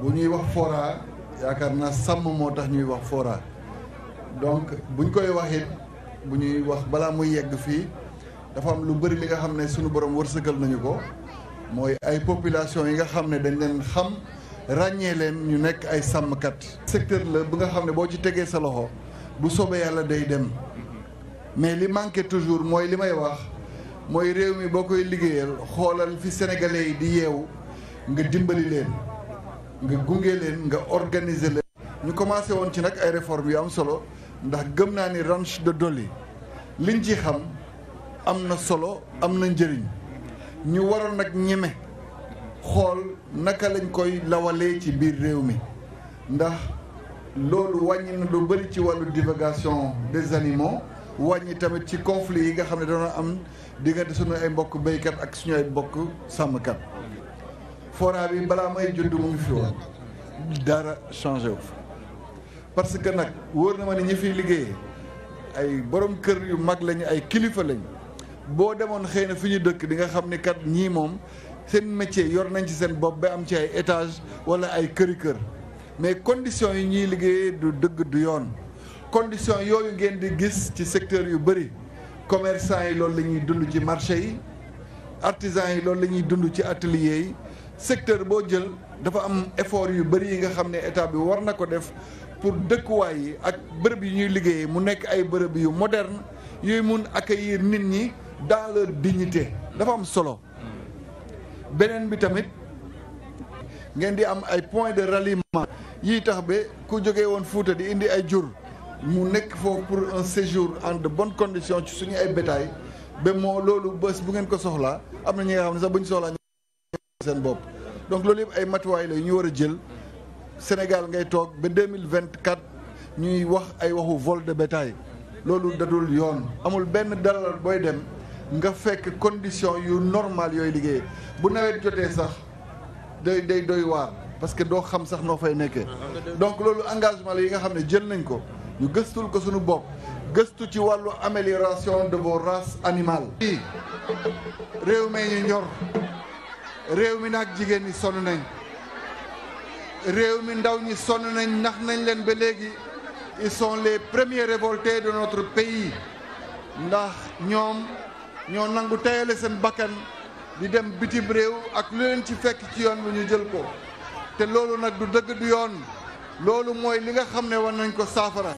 bu ñuy wax fora yaakaar naa sàmm moo tax ñuy wax fora donc buñ koy wax bu ñuy wax balaa muy yegg fii dafa am lu bëri li nga xam ne suñu borom wërsëgal nañu ko mooy ay population yi nga xam ne dañ leen xam ràññee leen ñu nekk ay sàmmkat. secteur la bu nga xam ne boo ci tegee sa loxo bu sobee yàlla day dem mais li manqué toujours mooy li may wax. mooy réew mi boo koy liggéeyal xoolal fi sénégalais yi di yeewu nga dimbali leen nga gunge leen nga organiser leen. ñu commencé woon ci nag ay réformes yu am solo ndax gëm naa ni ranch de Dolly liñ ci xam am na solo am na njëriñ ñu waroon nag ñeme xool naka lañ koy lawalee ci biir réew mi ndax loolu wàññi na lu bëri ci wàllu divagation des animaux. wàññi tamit ci conflit yi nga xam ne dana am diggante suñu ay mbokk béykat ak suñu ay mbokk sàmmkat fora bi balaa may judd mu ngi fi woon dara changé wu fa parce que nag wóor na ma ne ñu fiy liggéeyee ay borom kër yu mag lañu ay kilifa lañu boo demoon xëy na fi ñu dëkk di nga xam ni kat ñii moom seen métier yor nañ ci seen bopp bi am ci ay étage wala ay këri kër mais conditions yi ñuy liggéeyee du dëgg du yoon condition yooyu ngeen di gis ci secteur yu bëri commercant yi loolu la ñuy dund ci marché yi artisan yi loolu la ñuy dund ci atelier yi secteur boo jël dafa am effort yu bëri yi nga xam ne état bi war na ko def pour dëkkuwaay yi ak bërëb yi ñuy liggéeyee mu nekk ay bërëb yu moderne yooyu mun accueillir nit ñi dans leur dignité dafa am solo beneen bi tamit ngeen di am ay point de ralliement yii tax ba ku jóge woon Fuuta di indi ay jur mu nekk foofu pour un séjour en de bonnes condition ci suñu ay bétail ba moo loolu bés bu ngeen ko soxlaa am na ñi nga xam ne sax bu ñu soxlaa seen bopp donc loolu yëpp ay matuwaay la yu war a jël Sénégal ngay toog ba deux mille vingt quatre ñuy wax ay waxu vol de bétail loolu dadul yoon amul benn dalal booy dem nga fekk condition yu normal yooyu liggéeyee bu nawet jotee sax day day doy waar parce que doo xam sax noo fay nekkee ah, ah. donc loolu engagement la yi nga xam ne jël nañ ko ñu gëstul ko suñu bopp gëstu ci wàllu amélioration de vos races animales i réew mee ñu ñor réew mi nag jigéen ñi sonn nañ réew mi ndaw ñi sonn nañ ndax nañ leen ba léegi ils les premiers révoltés de notre pays ndax ñoom ñoo nangu tayale seen bakkan di dem bitim réew ak lu leen ci fekk ci yoon bi ñu jël ko te loolu nag du dëgg du yoon loolu mooy li nga xam ne war nañ ko saafara